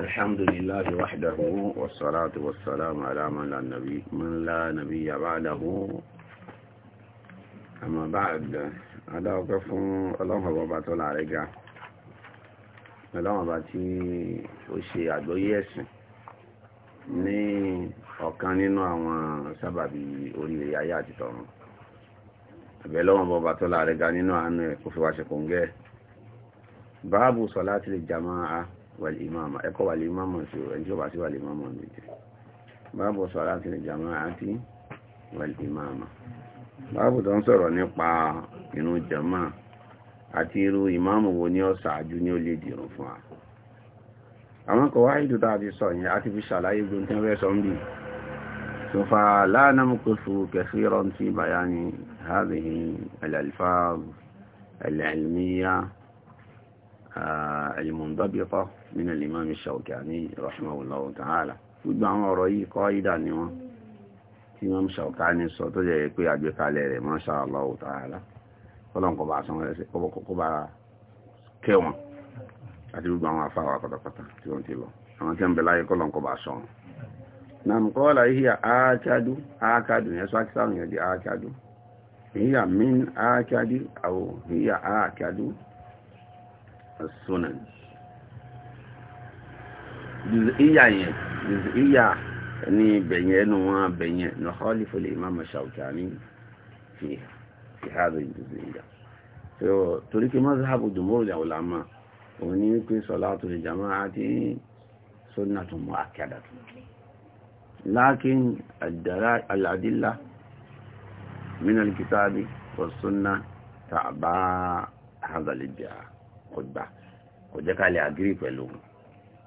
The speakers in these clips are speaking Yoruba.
الحمد لله وحده والصلاة والسلام على من لا نبي من لا نبي بعده أما بعد هذا وقف الله أبا طول عليك الله أبا تي وشي عدو يسن ní ọ̀kan nínú àwọn sábàbí oríire ayé àti tọ̀run àbẹ̀ lọ́wọ́n bọba tó láàrẹ ga nínú àánú ẹ̀ kó fi wá ṣe kòǹgẹ́ báàbù sọ̀látil jàmáà wàlì ìmáàmà ẹ̀kọ́ wàlì ìmáàmà sí ọ̀rọ̀ ẹni tí ó bá sí wàlì ìmáàmà ní jẹ́ báàbù sọ̀rọ̀ àti ìjàmọ́ àti wàlì ìmáàmà báàbù tó ń sọ̀rọ̀ nípa inú jàmá àti irú ìmáàmù wo ni ó ṣáájú ni ó lè dìrún fún wa àwọn kò wá ìdúdá àti sọ yẹn àti fi ṣàlàyé gbogbo tí wọ́n fẹ́ sọ ń bì sọfà láàánú kòfù kẹfìrọ̀ ti bàyá ni hàbìhìn al-alfaz al-ilmiyya المنضبطة من الإمام الشوكاني رحمه الله تعالى gbogbo àwọn ọ̀rọ̀ yìí kọ́ ni wọ́n tí wọ́n sọ tó jẹ́ pé àgbékalẹ̀ rẹ̀ kọba àti gbogbo àwọn afáwà pátápátá tí wọ́n ti lọ àwọn ń bẹ láyé sọ wọn sunan jùzíyà yẹn jùzíyà ní bẹ̀yẹn ẹnu wọn bẹ̀yẹn nọ̀hálì fúlẹ̀ ìmáàmù Ṣawkani fi fi hàbẹ̀ jùzíyà torí kí mazhabu jumhurul ulama òun ní pé salatul jama'ati sunnatun mu'akkadatun lakin al-adilla min al-kitabi was-sunnah ta'ba hadha al kò gbà kò jẹ́ ká lè àgírí pẹ̀lú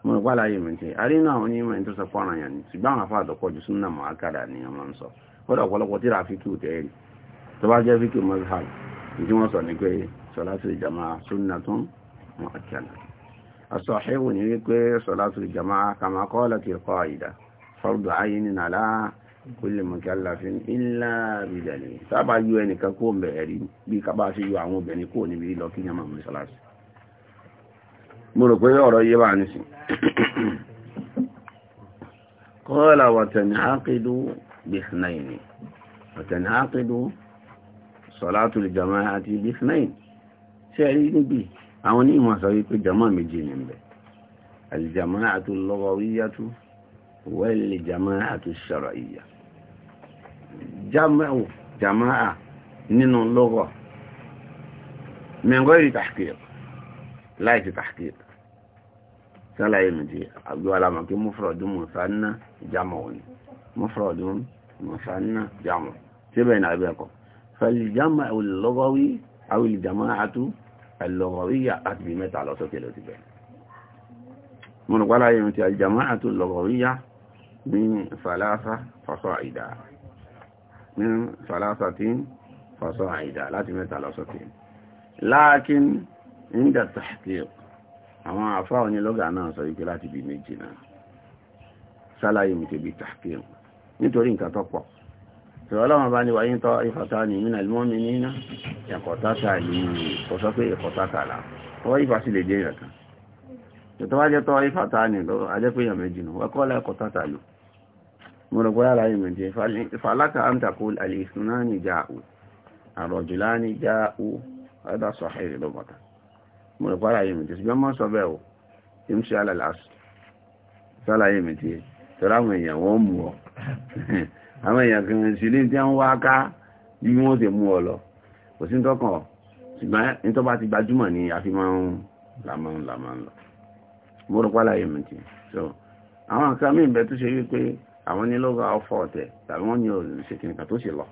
mo rò pàlà yìí mi ti àrínú àwọn sọ yẹn ni ṣùgbọ́n àwọn afá àtọ́kọ́ ju súnà ni wọ́n ń sọ kódà ọ̀pọ̀lọpọ̀ tíra fíkì tẹ́ẹ̀rì tó bá jẹ́ fíkì mọ́sáàlì ìdí wọ́n sọ ní pé sọ̀látù ìjàmá súnà tún mọ́ àkàdà asọ̀hẹ́wò ní wípé sọ̀látù ìjàmá kàmákọ́lá ti kọ́ ẹnìkan mo rò pé ọ̀rọ̀ yé bá ní sí kọ́ọ̀lá wàtẹ̀ni ákìdú bìfnáìní wàtẹ̀ni ákìdú sọ̀látù lè jama àti bìfnáìní ṣe rí níbi àwọn onímọ̀ sọ wípé jama méjì ní bẹ̀ alìjama àti sálàyé mi ti àgbéwà lámà kí mufrodun musanna jama wọn mufrodun musanna jama síbẹ̀ ní abẹ́ẹ̀kọ́ fẹ̀lìjàmà olùlọ́gọ́wí awìlìjàmà àtú ẹ̀lọ́gọ́wí àti bí mẹ́ta lọ sókè ló ti bẹ̀rẹ̀ mo rò pàlàyé mi ti àjàmà àtú lọ́gọ́wí yá ní fàlásà fàṣọ àìdá ní fàlásà tí fàṣọ àìdá láti mẹ́ta lọ sókè láàkín ń dà àwọn àfá onílọ́gà náà sọ wípé láti bí méjì náà sálàyé mi tèbi tàkìm nítorí nǹkan tó pọ̀ ìrọ̀lọ́wọ́n bá ní wáyé tọ́ ìfàtà ní ìmìnà ìmọ́mí níná ẹ̀kọ̀tàkà yìí kò sọ pé ẹ̀kọ̀tàkà là ọwọ́ ìfà sí lè jẹ́ èèyàn kan ìtọ́ wá jẹ́ tọ́ ìfàtà ní ajẹ́péyàn méjì nù wọ́n kọ́lá ẹ̀kọ̀tàkà lò mo rò bóyá láyé mi jẹ́ ìfàlákà àǹtàkù àlè ìsúná ní jáù àrọ̀jùlá ní jáù ọ̀dà sọ̀hẹ́rì lọ́bọ̀tà mo rẹ̀ fara yìí mìtì ṣùgbọ́n mọ́ sọ bẹ́ẹ̀ o im ṣe alàlásù sálàyé mìtì tọ́rọ àwọn èèyàn wọ́n mú ọ àwọn èèyàn kan sí ilé tí wọ́n wá ká bí wọ́n ti mú ọ lọ kò sí tọkàn ṣùgbọ́n nítorí ti gbajúmọ̀ ni a fi máa lọ mo rẹ̀ fara yìí mìtì so àwọn kan mí bẹ tó ṣe wípé àwọn ní lọ́gà ọ̀fọ̀ ọ̀tẹ̀ tàbí wọ́n ní òṣèkìnìkà tó ṣe lọ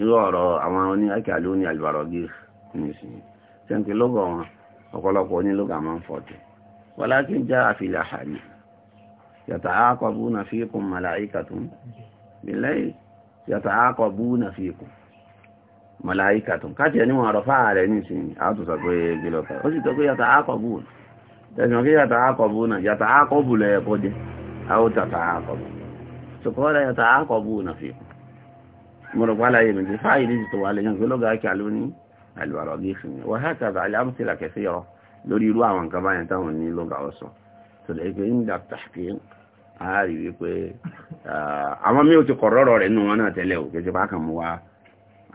irú ọ̀rọ̀ àwọn oní akẹ́lẹ́ oní àlùbárọ̀ gírí ní ìsinyìí sẹ́ńtì lógà wọn ọ̀pọ̀lọpọ̀ ní máa ń fọ́tì walakin jaa fil hadith yata'aqabuna fikum malaikatun bilayl yata'aqabuna fikum malaikatun káàkiri ẹni wọn àrọ̀fà rẹ̀ nísìnyí àtúntò pé gílọ́tà ó sì tọ́ pé yata'aqabuna tẹ̀sán kí yata'aqabuna yata'aqabu lẹ́ẹ̀kọ́ jẹ́ àwọn tata'aqabu sọkọ́lá yata'aqabuna fikum mọ̀rọ̀ pàlàyé البراغيث وهكذا الأمثلة كثيرة لوريلو àwọn kan báyẹn táwọn ní lọ́gà ọ̀sán tó lè gbé ń dà tàkì àárí wípé ah, àwọn mí ò ti kọ̀ rọ́rọ̀ rẹ̀ nù wọn náà tẹ́lẹ̀ ò gẹ́gẹ́ bá kàn mú wa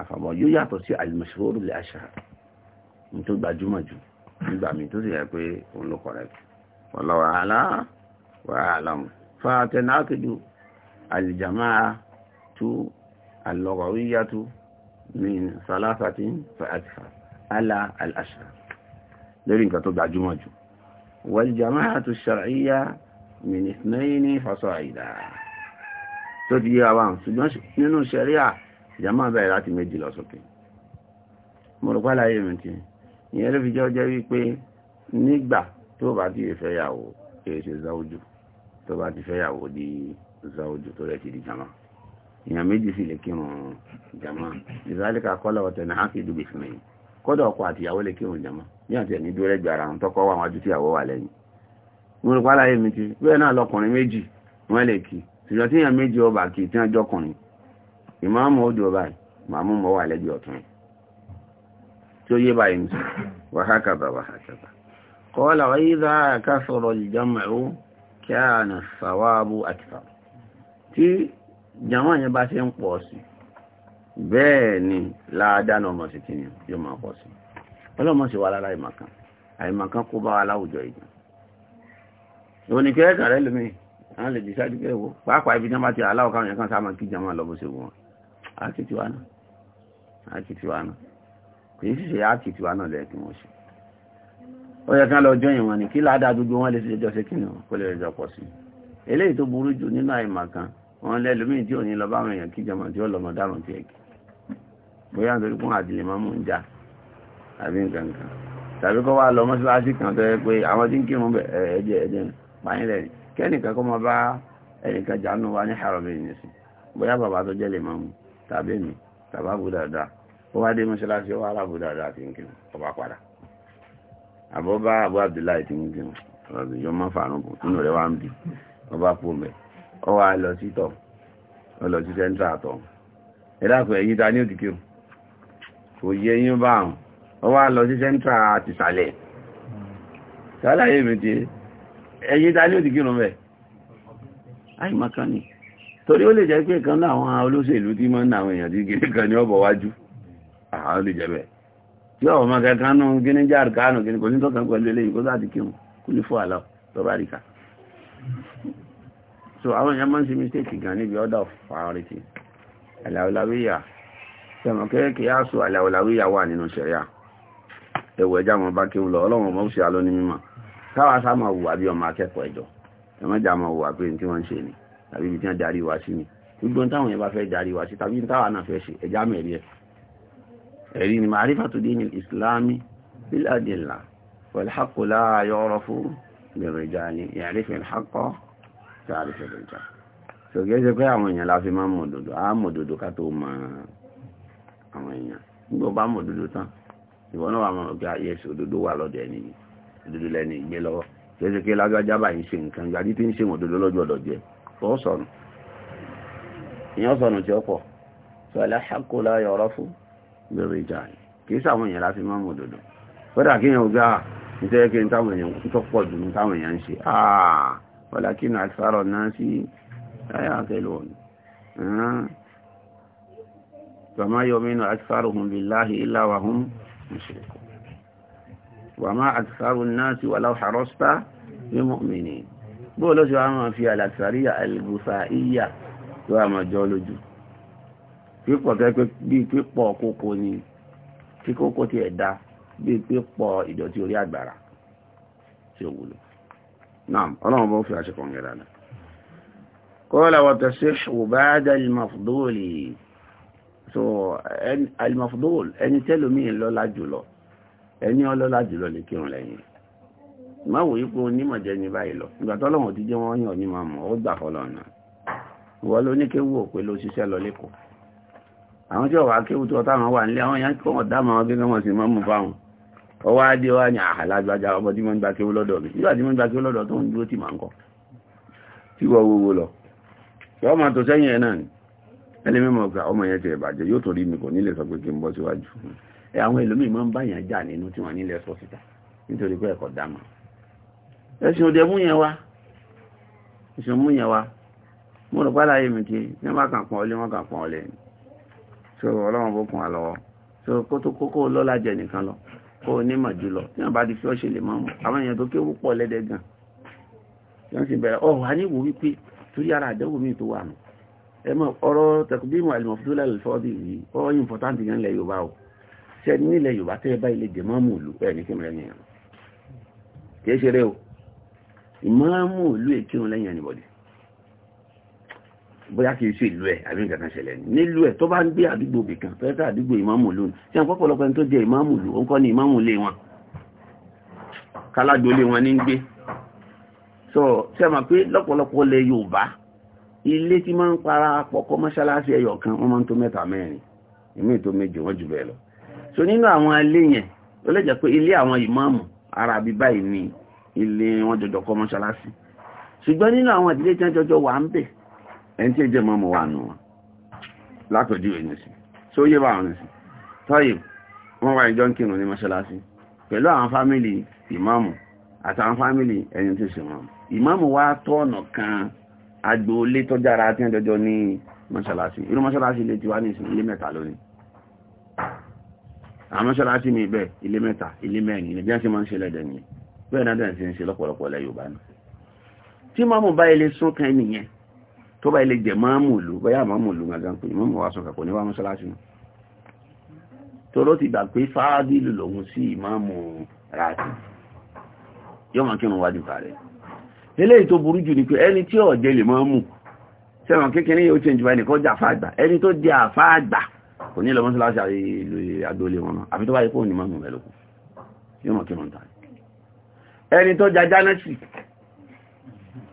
àfàmọ́ yóò yàtọ̀ sí àìmọ̀ṣòro lè àṣà ní tó gbajúmọ̀ jù nígbà mi tó sì yẹ pé òun ló kọ̀ rẹ̀ wọ́lọ́ wàhálà wàhálà fa àtẹnákejì àlìjàmáà tú àlọ́gọ̀wíyá tú min salafatin fa adfa ala al-ashra lórí nǹkan tó gbajúmọ̀ jù wal jama'atu shar'iyya min ithnaini fasa'ida tó ti yé àwọn ṣùgbọ́n nínú ṣẹ̀ríà jama bẹ̀rẹ̀ láti méjì lọ sókè mo rò pálá yé mi ti ìyẹn ló fi jẹ́ ọjọ́ wípé nígbà tó bá ti fẹ́yàwó kìí ṣe záwójú tó di záwójú tó rẹ̀ ti di jama èèyàn méjì sì lè kírun jama ìsàlẹ̀kà kọ́lá ọ̀tẹ̀ náà fi dùbì fún mi kọ́dọ̀ ọkọ àti ìyàwó lè kírun jama bí àti ẹ̀mí dúró lẹ́gbẹ̀ẹ́ ara wọn tọ́kọ́ wà wọn adútí àwọ̀ wà lẹ́yìn mo rò pálá èmi ti bẹ́ẹ̀ náà lọkùnrin méjì wọ́n lè kí ṣùgbọ́n tí èèyàn méjì ọba kì í tí wọ́n jọkùnrin ìmáàmù ó dùn báyìí màmú mọ́ wà lẹ́gbẹ̀ẹ́ ọ̀tún jàmọ́ yẹn bá ṣe ń pọ̀ sí bẹ́ẹ̀ ni láàdánà ọmọ sí kí ni yóò máa pọ̀ sí ọlọ́mọ sí wà lára ìmọ̀kan àìmọ̀kan kó bá wa láwùjọ ìgbà ìwọ ni kẹ́ẹ̀kà rẹ lómi àwọn lè dìṣájú pé wo pàápàá ibi náà bá ti aláwọ̀ káwọn yẹn kan sáà máa kí jàmọ́ lọ bó ṣe wọn àti tiwa náà àti tiwa náà kì í sì ṣe àti tiwa náà lẹ́ẹ̀kì wọn ṣe ó yẹ kán lọ jọyìn wọn ni kí ládàá gbogbo wọn lè ṣe jọ ṣe kí ni kó lè jọ pọ̀ sí eléyìí tó burú jù nínú àìmọ̀kan wọn lẹ́lòmíì tí ò ní lọ bá àwọn èèyàn kíjọmọ tí ó lọmọ dáràn tí ẹ̀kì bóyá nítorí fún àdìlẹ̀ máa mú ń já àbí nǹkan kan tàbí kọ́ wá lọ mọ́ṣáláṣí kan tó yẹ pé àwọn tí ń kírun bẹ̀ ẹ̀ẹ́dẹ̀ ẹ̀ẹ́dẹ̀ pààyàn lẹ́yìn kẹ́nìkan kọ́ máa bá ẹnìkan jánu wa ní àròbẹ̀ yìí sí bóyá bàbá tó jẹ́ lè máa mú tàbí mi tàbá bù dáadáa ó wá dé mọ́ṣáláṣí ó wá alábù dáadáa ti ń kírun ọba padà àbọ̀ bá àbọ̀ ọ wà lọ títọ̀ central tọ̀ ẹ̀dàkùn ẹ̀yí ta ní òdìkí kò yẹ yín bá hàn ọ wà lọ central àti sàlẹ̀ sàlàyé mi ti ta ní òdìkí rùn bẹ̀ àì makani torí ó lè jẹ́ pé kan láwọn olóṣèlú tí mọ́ èèyàn tí gẹ́gẹ́ kan ní ọ̀bọ̀ wájú àwọn ní so àwọn èèyàn máa ń ṣe mistake gan níbi order of priority aláwòláwíyà tẹmọ kẹ́kẹ́ á so aláwòláwíyà wà nínú ṣẹ̀ríà ẹwọ ẹjá wọn bá kí ó lọ ọlọ́run ọmọ òṣèlú alóní mímọ̀ káwà sá máa wùwà bí ọmọ akẹ́kọ̀ọ́ ẹjọ́ ẹmọ́jà máa wùwà pé tí wọ́n ń ṣe ni tàbí ibi tí wọ́n darí wa sí ni gbogbo táwọn yẹn bá fẹ́ darí wa sí tàbí táwa náà fẹ́ ṣe ẹjá mẹ́rí ẹ̀ ẹ̀rí ni ma'rifatu dinil islami bil adilla wal haqqu la yu'rafu bir rijali ya'rifu al haqqa sáàrì ṣẹlẹ̀ ìjà ṣòkè ṣe pé àwọn èèyàn la fi máa ń mọ̀ òdodo á mọ̀ òdodo ká tó mọ àwọn èèyàn nígbà bá mọ̀ òdodo tán ìwọ náà wà mọ̀ pé àyẹ̀sì ah, òdodo wà lọ́dọ̀ ẹni yìí òdodo lẹni ìgbé lọ́wọ́ ṣeéṣe kí lágbájá báyìí ṣe nǹkan ìgbà tí ń ṣe wọn òdodo lọ́jọ́ ọ̀dọ̀ jẹ ọ sọnù ìyẹn sọnù tí ó pọ̀ sọ aláṣàkó láyọ̀ walakin àṣàrọ̀ náà sí láyé àkẹlò ọ̀nà wàmá yọmínú àṣàrọ̀ hùn billahi illa wa hum mushrikun wàmá àṣàrọ̀ náà sí walau harasta ní mọ́mìnì bóò lọ́sí wa máa fi àlàṣàríyà àlùbùsàíyà tó wà máa jọ lójú pípọ̀ tẹ́ pé bíi pípọ̀ kókó ni tí kókó ti ẹ̀dá bíi pípọ̀ ìdọ̀tí orí àgbàrá tí ó wúlò نعم اللهم بو في عشق ونجلانا قال وتصح بعد المفضول so en almafdul ẹni tẹ́lómi lọ́lá jùlọ ẹni ọlọ́lá jùlọ lè kírun lẹ́yìn má wòye pé onímọ̀jẹ́ ní báyìí lọ ìgbà tọ́lọ́wọ̀n ti jẹ́ wọ́n yàn ní máa mọ̀ ó gbà fọlọ́ ọ̀nà ìwọ ló ní kéwù òpè ló ṣiṣẹ́ lọ lẹ́kọ̀ọ́ àwọn tí ọ̀wà kéwù tó táwọn wà nílé àwọn yẹn kọ́ ọ̀dá máa gẹ́gẹ́ wọn sì máa mú fáwọn ọwọ́ adé wá ní àhàlágbájá ah, ọmọ tí wọ́n ń gba kí ó lọ́dọ̀ mi nígbà tí wọ́n ń gba kí ó lọ́dọ̀ tó ń dúró tì máa ń kọ́ tí wọ́n wọ́wọ́ lọ yọ́ máa tó sẹ́yìn ẹ̀ náà ni ẹlẹ́ mẹ́mọ̀ ọ̀gá ọmọ yẹn ti ẹ̀bàjẹ́ yóò tó rí mi kò nílẹ̀ sọ pé kí n bọ́ síwájú ẹ so ọlọ́run bó so kó tó kókó lọ́lá ó nímọ̀ jùlọ tí wọ́n bá di fi ọ́ ṣe lè mọ́ àwọn èèyàn tó kí ó pọ̀ lẹ́dẹ̀ gan wọ́n sì bẹ̀rẹ̀ ọ̀ wá níwò wípé torí ara àdẹ́wò mi tó wà nù ẹ mọ̀ ọ̀rọ̀ tẹkùbímọ̀ àlùmọ̀fúdúlà lọ́fọ́dì yìí ó ìmpọ̀táǹtì gan lẹ̀ Yorùbá o ṣe ní ilẹ̀ Yorùbá tẹ́ ẹ bá ilé jẹ̀ mọ́mù ìlú ẹ̀ ní kíni lẹ́yìn kì í ṣeré o ìmọ̀ọ́mù ìlú èkírun lẹ́yìn ẹnìbọ̀dì bóyá kìí ṣe ìlú ẹ̀ àbí nǹkan kan ṣẹlẹ̀ nílùú ẹ̀ tó bá ń gbé àdúgbò bì kan fẹ́ẹ́ tá àdúgbò ìmáàmù lónìí tí àwọn pọ́pọ́lọpọ́ ẹni tó jẹ ìmáàmù lò ó ń kọ́ ní ìmáàmù lé wọn kálájọ lé wọn ní ń gbé sọ ṣe mà pé lọ́pọ̀lọpọ̀ lẹ Yorùbá ilé tí máa ń para pọkọ mọ́ṣáláṣí ẹyọ kan wọ́n máa ń tó mẹ́ta mẹ́rin ìmí tó méje wọ́n jù bẹ́ẹ̀ lọ so nínú àwọn ilé yẹn ó lè jẹ́ pé ilé àwọn ìmáàmù ara àbí báyìí ni ilé wọn jọjọ kọ́ mọ́ṣáláṣí ṣùgbọ́n nínú àwọn ìdílé tí wọ́n jọjọ wà ń bẹ̀ ẹni tí ó jẹ́ mọ́mọ́ wà nù wọn látọ̀jú ẹni sí tó yé bá wọn sí tọ́yì wọ́n wá ìjọ ń kírun ní mọ́ṣáláṣí pẹ̀lú àwọn fámìlì ìmáàmù àtàwọn fámìlì ẹni tó ṣe mọ́mù ìmáàmù wá tọ́ọ̀nà kan agboolé tó jára tí wọ́n jọjọ ní mọ́ṣáláṣí irú mọ́ṣáláṣí ilé tiwa ní ìsìn ilé mẹ́ta lónìí àwọn mọ́ṣáláṣí mi bẹ́ẹ̀ ilé mẹ́ta ilé mẹ́rin ilé bí wọ́n ṣe máa ń ṣe lẹ́dẹ̀ nìyẹn bẹ́ẹ̀ náà dẹ̀ ń ṣe lọ́pọ̀lọpọ̀ lẹ́ Yorùbá náà tí mọ́mù bá tó bá ilé jẹ máàmù lù báyà máàmù lù gangan pé ìmọ̀mù wa sọ kàkọ́ níwá mọ́ṣáláṣí mọ́ tóró ti gbà pé fáádìlù lòun sí ìmáàmù ráàtì yóò máa kírun wájú kààrẹ̀ eléyìí tó burú jù ni pé ẹni tí ọ̀jẹ́ lè máa mú sẹ́wọ̀n kékeré yóò change by nìkan jẹ́ àfáàgbà ẹni tó jẹ́ àfáàgbà kò ní lọ́mọ́síláṣà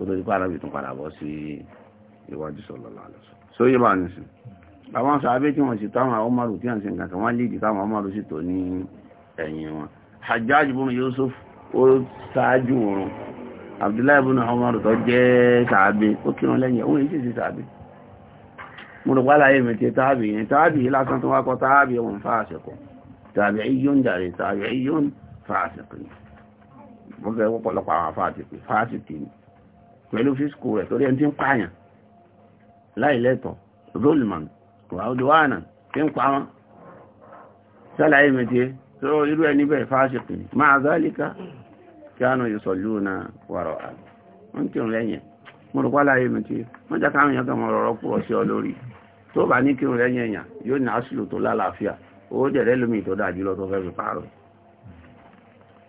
kó di pé arábì tún padà bọ́ sí iwájú sallallahu alaihi wasallam sóyè bá ní sí àwọn sàábé tí wọ́n sì táwọn àwọn márùn tí wọ́n sì nǹkan kan wọ́n lè jì táwọn márùn sì tó ní ẹ̀yìn wọn Hajjaj ibn Yusuf ó ṣáájú oorun Abdullahi ibn Umar tó jẹ́ sàábé ó kírun lẹ́yìn òun èyí sì sàábé mo rò wálá èmi tí táàbì yẹn táàbì lásán tó wákọ táàbì wọn fa àṣẹkọ tàbí iyún jàre tàbí iyún fa àṣẹkọ ni pẹ̀lú fíṣkù rẹ̀ torí ẹni tí ń pààyàn láìlẹ́tọ̀ rolman wàhùdùwánà tí ń pa wọn sálàyé mẹ́tẹ́ tó irú ẹni bẹ́ẹ̀ fásikì máa zálíká kí á nù ìsọ̀lú na wàrọ̀ àti wọ́n tí ń lẹ́yìn mo rò pálàyé mẹ́tẹ́ wọ́n jẹ́ káwọn èèyàn kan mọ̀ rọ̀rọ̀ púrọ̀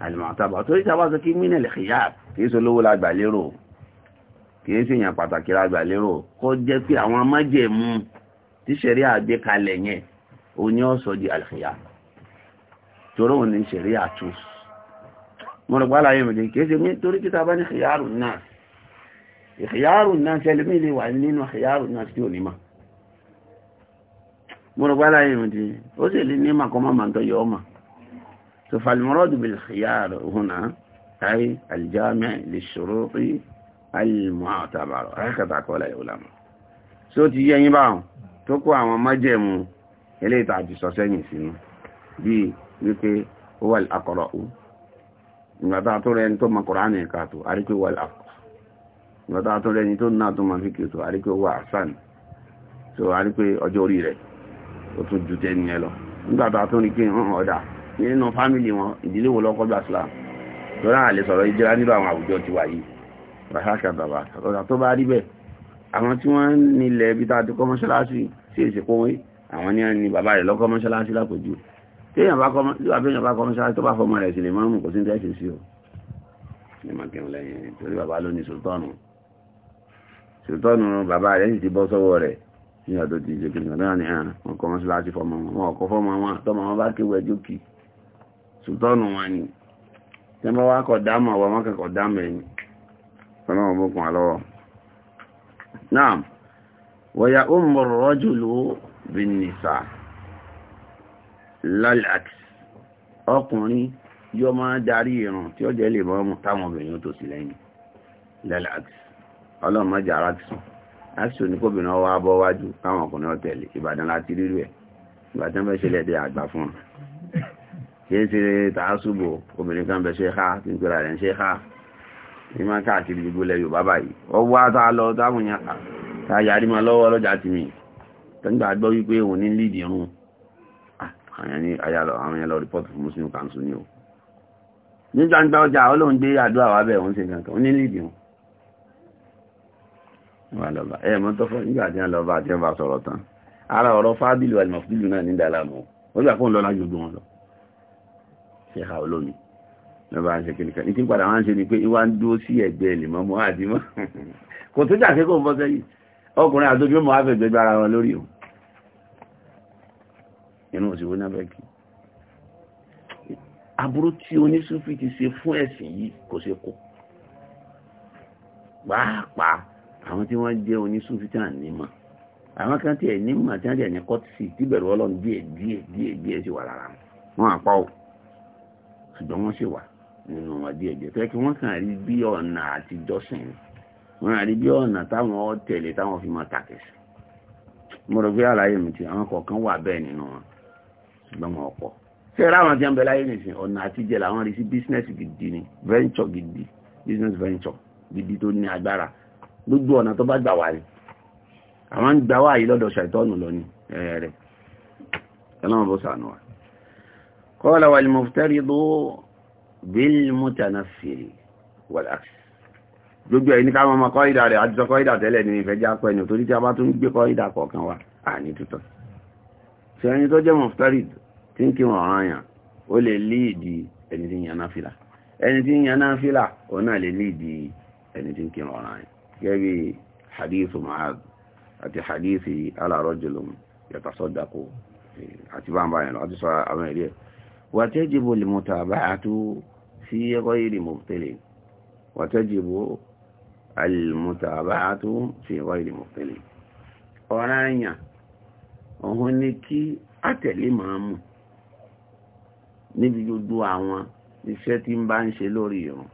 àlùmọ̀tàbà torí tàbá sọ kí mínẹ̀lẹ̀ kìyà kìí ṣe olówó la gbà lérò kìí ṣe èèyàn pàtàkì la gbà lérò kó jẹ́ pé àwọn májẹ̀mú tí ṣẹ̀rí àgbé kalẹ̀ yẹn ó ní ọ̀sọ̀ di àlùkìyà torí òun ní ṣẹ̀rí àtú mo rò pàlà yẹn mìíràn kìí ṣe mí torí kí tàbá ní kìyàrù náà ìkìyàrù náà ṣẹlẹ̀ mí lè wà nínú kìyàrù náà tí ò ní mà mo rò pàlà yẹn mìíràn ó sì lè ní mà mọ́ فالمراد بالخيار هنا أي الجامع للشروط المعتبرة هكذا قال العلماء سوتي يعني باو تقوى وما جمو إليه تعجي سوسيني سينو بي wípé wọ́n akọ̀rọ̀ ò ìgbàtà tó rẹni tó ma kùránì ẹ̀ka tó àríkò wọ́n akọ̀ ìgbàtà tó rẹni tó náà tó ma fi kìtò àríkò wọ́n àṣàn so àríkò ọjọ́ orí rẹ̀ ó tún ju tẹ́ni ẹ lọ nígbàtà tó rí pé ọ̀dà nínú fámìlì wọn ìdílé wo lọ́kọ́ gbà sílá lọ́nà àlè sọ̀rọ̀ ìjẹ́ra nílò àwọn àwùjọ ti wà yìí ràṣáṣà bàbá ọ̀dà tó bá rí bẹ́ẹ̀ àwọn tí wọ́n nílẹ̀ ibi tá a ti kọ́ mọ́ṣáláṣí sí èsìkó wé àwọn ní ẹni bàbá rẹ̀ lọ́kọ́ mọ́ṣáláṣí lápòjú téèyàn bá kọ́ mọ́ṣáláṣí tó bá fọmọ rẹ̀ sí lè mọ́rùn kò sí ní tẹ́sí sí o ní ma kẹun lẹ́yìn torí bàbá ló ní sultanu sultanu bàbá rẹ̀ sì ti bọ́ náà ní àwọn ah, ọkọ̀ mọ́ṣáláṣí fọmọ wọn ọkọ̀ fọmọ wọn tọ́mọ wọn bá kéwẹ́ jókìí sultanu wọn ni tí wọ́n wá kọ̀ dámà wọ́n mọ́kà kọ̀ dámà ẹni ọlọ́wọ́ bókun alọ́wọ́ náà wọ́ya ó mọ̀rọ̀ rọ́jù ló bí nìsà lálàt ọkùnrin yóò máa darí ìrùn tí ó jẹ́ lè mọ́ táwọn obìnrin kóbìnrin ọwọ́ abọ́wájú káwọn ọkùnrin ọ̀tẹ̀lẹ̀ Ìbàdàn láti rírú ẹ̀ Ìbàdàn fẹ́ ṣẹlẹ̀ àgbà fún un kìí ṣe tààsùbò obìnrin kan bẹ̀ ṣe ha tí ń pèrà rẹ̀ ń ṣe ha ní máa káàkiri gbogbo lẹ Yorùbá báyìí ọwọ́ àtà lọ táwọn yàn kà tá a yàrí máa lọ́wọ́ ọlọ́jà ti mi tẹ́gbà gbọ́ wípé òun ní líìdì irun àwọn yẹn lọ rìpọ́tù fún Muslim Council ni o ní gbangba ọjà ọlọ́run gbé àdúrà wà bẹ̀ òun ṣe kankan òun ní líìdì irun wà lọ́ba ẹ̀ mọ́ tọ́fọ́ nígbà tí wọ́n lọ́ba àti wọ́n bá sọ̀rọ̀ tán ara ọ̀rọ̀ fábìlì wà ní mọ̀fúdìlù náà ní dàlámù ó gbà fóun lọ́la jù gbọ́n lọ ṣe ha olómi lọ́ba ń ṣe kìnnìkan ní tí padà wá ń ṣe ni pé ìwà ń dúró sí ẹ̀gbẹ́ ẹ̀lìmọ́ mọ́ àdímọ́ kò tó jàṣẹ́ kò ń bọ́ sẹ́yìn ọkùnrin àtòjú mọ́ àfẹ́gbẹ́ gbára wọn lórí o inú òṣìwò náà bẹ́ẹ̀ kí aburú tí onísúfì ti ṣe fún ẹ̀sìn yìí kò ṣe kó pàápàá àwọn tí wọ́n jẹ́ onísúfì tí à ń nímọ̀ àwọn kan tí ẹ̀ nímọ̀ tí wọ́n jẹ́ ní kọ́tìsì tí bẹ̀rù ọlọ́run díẹ̀ díẹ̀ díẹ̀ díẹ̀ sí wà lára wọn àpá o ṣùgbọ́n wọ́n ṣe wà nínú wọn díẹ̀ díẹ̀ fẹ́ kí wọ́n kàn rí bí ọ̀nà àtijọ́sìn wọ́n rí bí ọ̀nà táwọn tẹ̀lé táwọn fi máa tàkẹ̀sì mo rò pé àlàyé mi ti àwọn kọ̀ọ̀kan wà bẹ́ẹ̀ nínú wọn ṣùgbọ́n wọn ọ̀pọ̀ ṣé ráwọn tí wọ́n bẹ láyé nìsín ọ̀nà àtijẹ làwọn rí sí business gidi ni venture gidi business venture gidi tó ní agbára gbogbo ọ̀nà tó bá gbà wá ni àwọn ń gbà wá yìí lọ́dọ̀ ṣàìtọ́nù lọ ni ẹ̀rẹ̀ ẹ̀lọ́mọ̀bọ̀sánù wa قال والمفترض بالمتنفل والعكس gbogbo ẹni ká mọ́ kọ́ìdà rẹ̀ àjíṣọ́ kọ́ìdà tẹ́lẹ̀ ní ìfẹ́já pẹ́ ẹni torí tí a bá tún gbé kọ́ìdà kọ̀ọ̀kan wà àní tútọ́ ṣe ẹni tó jẹ́ muftarid tí ń kí wọ́n ọ̀ràn yàn ó lè líìdì ẹni tí ń yan náfìlà ẹni tí ń yan náfìlà ó náà lè líìdì ẹni tí ń kí wọ́n ọ̀ràn yàn gẹ́gẹ́ hadith Mu'adh àti hadith ala rajulun yatasaddaqu àti bá yẹn lọ àti sọ àwọn ẹ̀rí ẹ̀ وتجب المتابعة في غير مبطل وتجب المتابعة في غير مبطل ọ̀ranyàn ọ̀hún ni kí a tẹ̀lé ìmáàmù níbi gbogbo àwọn iṣẹ́ tí ń bá ń ṣe lórí ìrun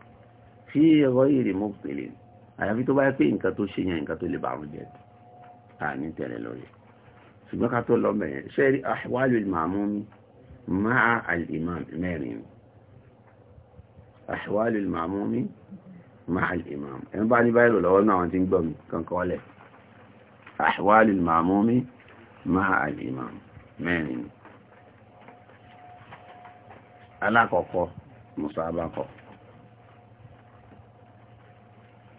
fi ghayri mubtilin àyàfi tó bá yẹ pé nǹkan tó ṣe yẹn nǹkan tó lè bàrún jẹ àní tẹ̀lé lórí ṣùgbọ́n ká tó lọ mẹ́yẹn ṣe rí ahwalul ma'mumi مع الإمام ميرين أحوال المعموم مع الإمام يعني بعد بايلو لو قلنا وانتين بم كان قوله أحوال المعموم مع الإمام ميرين alákọ̀ọ́kọ́ musabakọ̀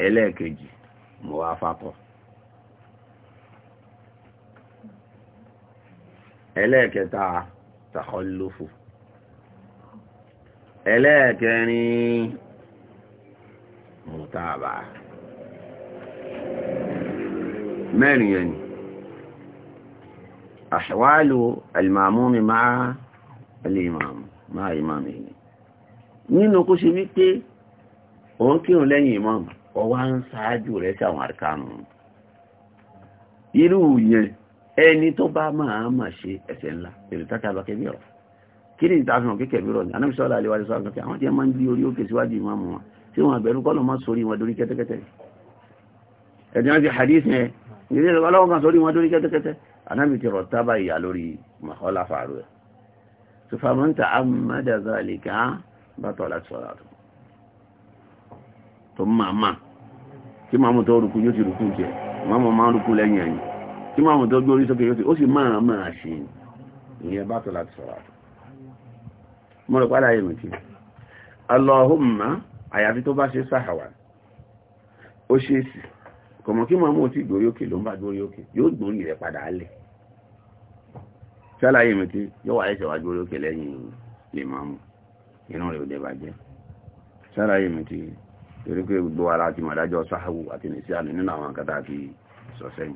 ẹlẹ́ẹ̀kejì muwafakọ̀ ẹlẹ́ẹ̀kẹta tàkọlófò ẹlẹ́ẹ̀kẹrin mùtàbà mẹ́rin yẹn ni àṣẹwàálù alìmàmúmi máa alìmàmù máa ìmàmù yìí nínú kó ṣe wípé òun kírun lẹ́yìn ìmàmù ọwá ń ṣáájú rẹ̀ sí àwọn àríkánù irú yẹn ẹni tó bá máa mà ṣe ẹ̀ṣẹ̀ ńlá èrè tákà lọ kẹbí ọ̀rọ̀ kí ni ìta fihàn kékeré bí rọ ni anábìsọ ọlá àlewà sọ àgbẹkẹ àwọn tí wọn máa ń di orí òkè síwájú ìmáàmù wọn tí wọn àbẹ̀rù kọlọ máa sórí wọn dórí kẹtẹkẹtẹ ẹni wọn ti hadith yẹn ìdílé ìjọba ọlọ́wọ́ kan sórí wọn dórí kẹtẹkẹtẹ anábì ti rọ tábà ìyá lórí mọ̀kọ́lá fàárù ẹ̀ tó fàmọ́ntà amúnádàzà àlèkà bàtọ̀ láti sọ̀rọ̀ àtọ̀ tó máa máa kí màmú tó rúkú yóò ti rúkú jẹ màmú máa rúkú lẹ́yìn ẹ̀yìn tí máa mọ̀ tó gbórí sókè yóò ó sì máa máa ṣe ìyẹn bá tó láti sọ̀rọ̀ àtọ̀ mọ́rọ̀ pálá yẹn mìtì Allahumma àyàfi tó bá ṣe sáhàwà ó ṣe sí kọ̀mọ̀ kí máa mú ti gbórí òkè ló ń bá gbórí òkè yóò gbórí rẹ̀ padà alẹ̀ sálàyé mìtì yóò wáyé ṣẹ̀wá gbórí òkè lẹ́yìn lè máa mú inú rẹ̀ ò dẹ̀ bàjẹ́ sálàyé mìtì torí pé gbogbo ara ti mọ̀ dájọ́ sáhàwù àti nìsí àná nínú àwọn akátá àti sọ̀sẹ́yìn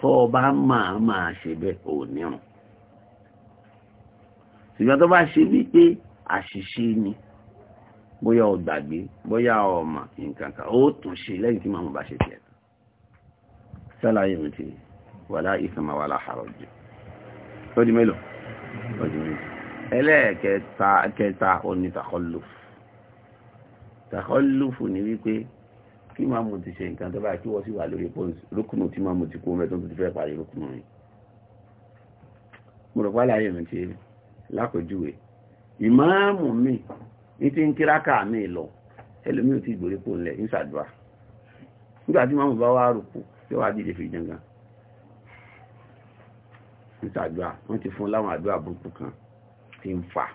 tó o bá máa máa ṣe bẹ́ẹ̀ ò nírun ṣùgbọ́n tó bá ṣe wípé àṣìṣe ni bóyá o gbàgbé bóyá o mọ̀ nǹkan kan ó tún ṣe lẹ́yìn tí màmú bá ṣe tiẹ̀ tán sálàyé mi ti wàlá ìsànmà wàlá àrọ̀jù tó di mélòó tó di mélòó tàkọ́lùfù tàkọ́lùfù ni wípé kí màmú ti ṣe nǹkan tó báyìí kí wọ́n sì wà lórí rúkùnù tí màmú ti kó mẹ́tọ́ tó ti fẹ́ parí rúkùnù rẹ̀ mo rọ̀ pálá yẹn ti lápèjúwe ìmáàmù mi ní ti ń kíráka mi lọ ẹlòmíì ò ti gbòrí pò ńlẹ̀ ń ṣàdúrà nígbà tí màmú bá wá rùkù yóò wá dìde fi jangan ń ṣàdúrà wọ́n ti fún láwọn àdúrà burúkú kan ti ń fà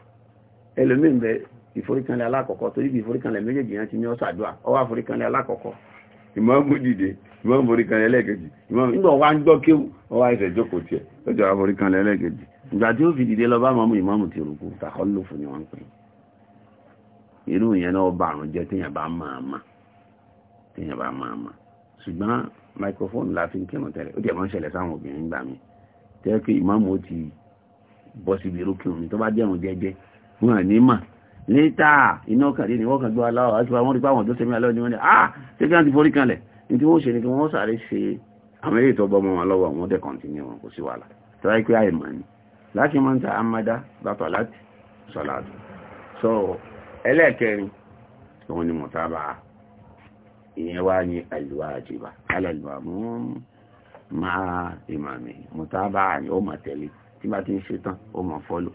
ẹlòmíì bẹ ìforíkanlẹ̀ alákọ̀ọ́kọ́ torí bí ìforíkanlẹ̀ méjèèjì yẹn ti ní ó ṣàdúà ó wá ìforíkanlẹ̀ alákọ̀ọ́kọ́ ìmáàmù dìde ìmáàmù foríkanlẹ̀ ẹlẹ́ẹ̀kejì ìmáàmù nígbà wá ń gbọ́ kéwù ó wá ẹsẹ̀ jókòó tiẹ̀ lọ́jọ́ àforíkanlẹ̀ ẹlẹ́ẹ̀kejì ìgbà tí ó fi dìde lọ bá mọ́mú ìmáàmù ti rúkú tàkọ́lùfù ni wọ́n ń pè irú ìyẹn náà bá àrùn jẹ téèyàn bá máa mà microphone la fi ń kírun tẹ́lẹ̀ ó tiẹ̀ máa ń ṣẹlẹ̀ sáwọn obìnrin gbà mí tẹ́ kí ìmáàmù ó ti bọ́ síbi irú kírun mi tó bá jẹ́rùn jẹ́jẹ́ wọn à ní mà létà iná kàrí ni wọ́n kàn gbé aláwọ̀ àti àwọn orípa àwọn ọ̀dọ́ sẹ́mi aláwọ̀ ni wọ́n ní ah ṣé kí wọ́n ti forí kanlẹ̀ ní tí wọ́n ṣe ni kí wọ́n sáré ṣe àwọn eré ìtọ́ bọ́mọ wọn lọ́wọ́ wọn dẹ̀ kọ́ntínú wọn kò sí wàhálà tọ́lá pé àìmọ̀ ni láti máa ń ta amada bàtọ̀ láti sọ́láàtù so ẹlẹ́ẹ̀kẹrin òun ni mọ̀tábà ìyẹn wá ní àlùwà àjìbà alàlùwà mú máa ìmàmì mọ̀tábà ni ó mà tẹ̀lé tí bá ti ń ṣe tán ó mà fọ́lù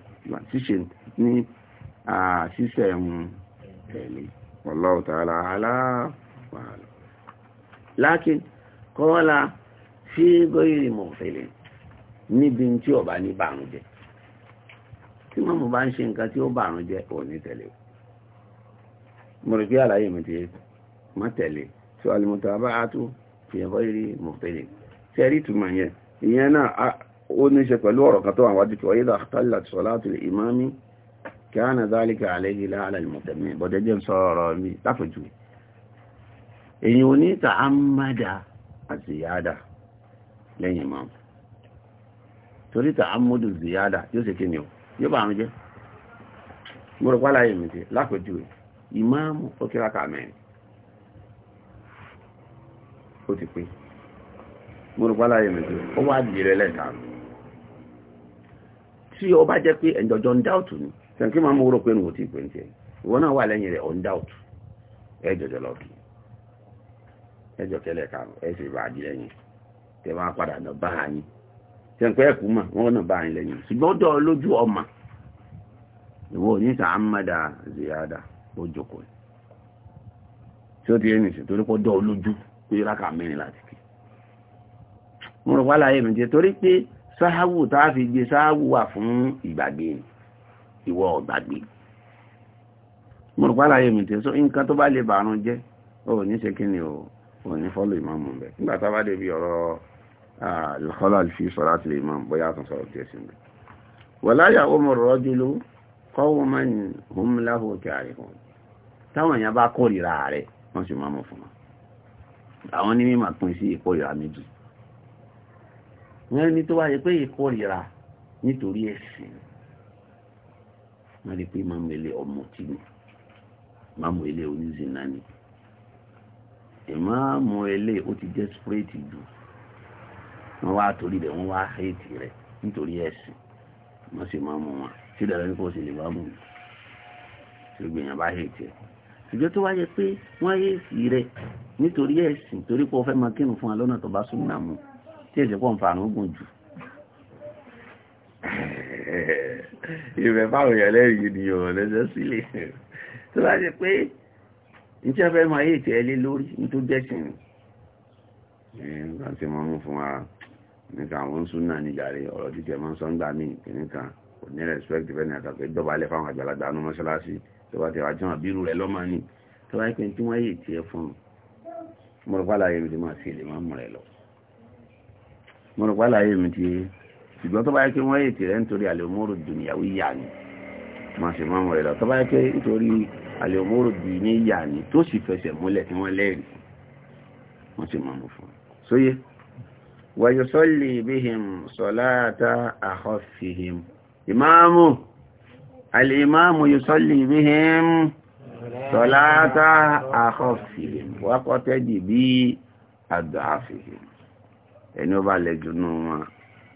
ṣíṣe ní ṣíṣẹ̀ mú ẹ̀mí wallahu ta'ala aláàpàá lákín kọ́ọ́lá fi gọ́yìrì mọ̀fẹ́lẹ̀ níbi tí ọba ní bàrùn jẹ tí mọ́mù bá ń ṣe nǹkan tí ó bàrùn jẹ ò ní tẹ̀lé mo rí pé àlàyé mi ti má tẹ̀lé tí alìmọ̀tàbá á tó fi gọ́yìrì mọ̀fẹ́lẹ̀ tẹ́rí túmọ̀ yẹn ìyẹn náà ó ní ṣe pẹ̀lú ọ̀rọ̀ kan tó àwọn àdìkọ̀ ayélujára tálà sọ̀lá àti ìmáàmí كان ذلك عليه لا على المتمم بدجن صارامي تفجو إني تعمد الزيادة لن يمام torí ta'ammudu ziyada yóò ṣe kíni o yóò bá mi jẹ́ mo rò pa láyé mi ti lápẹjú rẹ̀ ìmáàmù ó kí rákà mẹ́rin ó ti pé mo rò ó wá dìrẹ́ lẹ́ta tẹ̀kí máa mú wúrọ̀ pé nù tí pé ń tiẹ̀ ìwọ náà wà lẹ́yìn rẹ̀ ọ̀ndáùtù ẹjọjọ lọ kí ẹjọ kẹlẹ̀ karùn ẹsẹ̀ ìbàdí lẹ́yìn tẹ máa padà nà bá yín tẹ̀kọ́ ẹ̀kú mà wọ́n nà bá yín lẹ́yìn ṣùgbọ́n dọ̀ lójú ọmọ ìwọ ní sàmàdà ziyada ó jókòó tí ó ti ẹni sì torí pọ́ dọ̀ lójú pé rákà mẹ́rin láti kí mo rò wá láyé mi jẹ torí pé sáháwù tá a fi gbé sáháwù wà fún ìgbàgbé ni ìwọ ọ̀gbàgbé mọ̀rùpá láyé mi tẹ́ sọ nǹkan tó bá lè bàrún jẹ́ ò ní ṣe kí ni ò ní fọ́lù ìmáàmù bẹ̀ nígbà tá bá débi ọ̀rọ̀ àlùkọ́lá fi sọ̀rọ̀ àti ìmáàmù bóyá àtún sọ̀rọ̀ tiẹ̀ sí mi wà láyà ó mọ̀rọ̀ rọ́jú ló kọ́wọ́ máa ń hùm láhù òkè àrẹ wọ́n rí pé máa mú ilé ọmọ tí ni máa mú ilé oníṣìnà ni ìmáàmù ilé ó ti desperate jù wọ́n wá torí rẹ̀ wọ́n wá hate rẹ̀ nítorí ẹ̀sìn wọ́n sì máa mú wọn tí dàrẹ́ ní kò sì lè bá mú un tí gbìyàn bá hate rẹ̀ ṣùgbọ́n tó wáyé pé wọ́n hate rẹ̀ nítorí ẹ̀sìn torí pé ó fẹ́ máa kírun fún wa lọ́nà tó bá súnmọ́ àmú tí ẹ̀sìn pọ̀ ń fa àrùn gùn jù ìfẹ́ fáwọn èèyàn lẹ́rìí ni ọ̀rọ̀ lẹ́sẹ̀ sílẹ̀ tó bá ṣe pé níṣẹ́ fẹ́ máa yé ìtẹ́ ẹlé lórí tó jẹ́ sìn nígbà tí wọ́n mú fún wa nígbà àwọn súnà níjàre ọ̀rọ̀ títẹ̀ máa ń sọ ńgbà míì nìkan kò ní respect fẹ́ni àtàkùn ìdọ̀bálẹ̀ fáwọn àgbàlagbà ní mọ́ṣáláṣí tó bá tẹ̀wá jọ́nà bírú rẹ̀ lọ́mọ ní tó bá pẹ́ tí wọ́n yé ìtẹ́ fún un mọ̀rọ̀pá láyé mi ti máa ṣe lè máa mọ̀ rẹ̀ lọ mọ̀rọ̀pá láyé mi ṣùgbọ́n tó bá yẹ kí wọ́n ètè rẹ̀ nítorí àlèmọ́rò dùnìyàwó yà ni wọ́n sì máa ń rẹ̀ lọ tó bá yẹ kí nítorí àlèmọ́rò dùnìyàwó yà ni tó sì fẹsẹ̀ múlẹ̀ tí wọ́n lẹ́rìí wọ́n sì máa mú fún un sóyè wàyọ̀sọ́lì bíhìm sọ̀láta àhọ́fìhìm ìmáàmù alìmáàmù yọ̀sọ́lì bíhìm sọ̀láta àhọ́fìhìm wákọ́tẹ́jì bí àdàáfìhìm ẹni ó bá lẹ́jọ́ nù wọn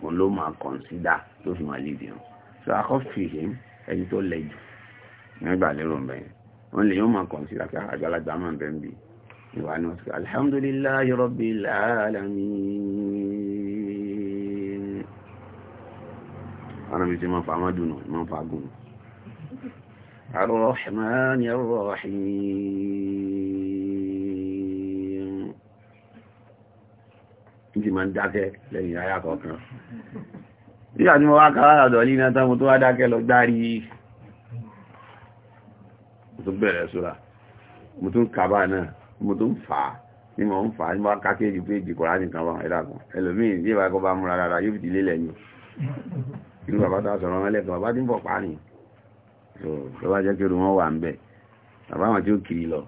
òun ló máa kọ̀nsídà tó fi máa lídìí hàn so àkọ́fìhì ẹni tó lẹ jù nígbà lérò ń bẹ̀yẹn òun lè yóò máa kọ̀nsídà pé ah, àgbàlagbà máa ń bẹ̀ ń bì ìwà ni wọ́n ti alhamdulillahi rabbil alamin ọ̀nà mi ti máa fa amádùn náà máa fa gùn ar-rahmanir rahim tó sì máa ń dákẹ́ lẹ́yìn ayá kọ̀ọ̀kan bí àti mo wá kàwàrà dọ̀lí iná tán mo tó wá dákẹ́ lọ gbárí mo tó bẹ̀rẹ̀ sóra mo tó ń kàbà náà mo tó ń fà á ní mo ń fà á ní mo wá kákéjì péjì kọ̀rá nìkan wá ẹ̀dá kan ẹlòmíì bí ìbá kọ́ bá múra rárá yóò fìdí lélẹ̀ ni irú bàbá tó sọ̀rọ̀ wọn lẹ́kọ̀ọ́ bàbá tí ń bọ̀ ó kiri lọ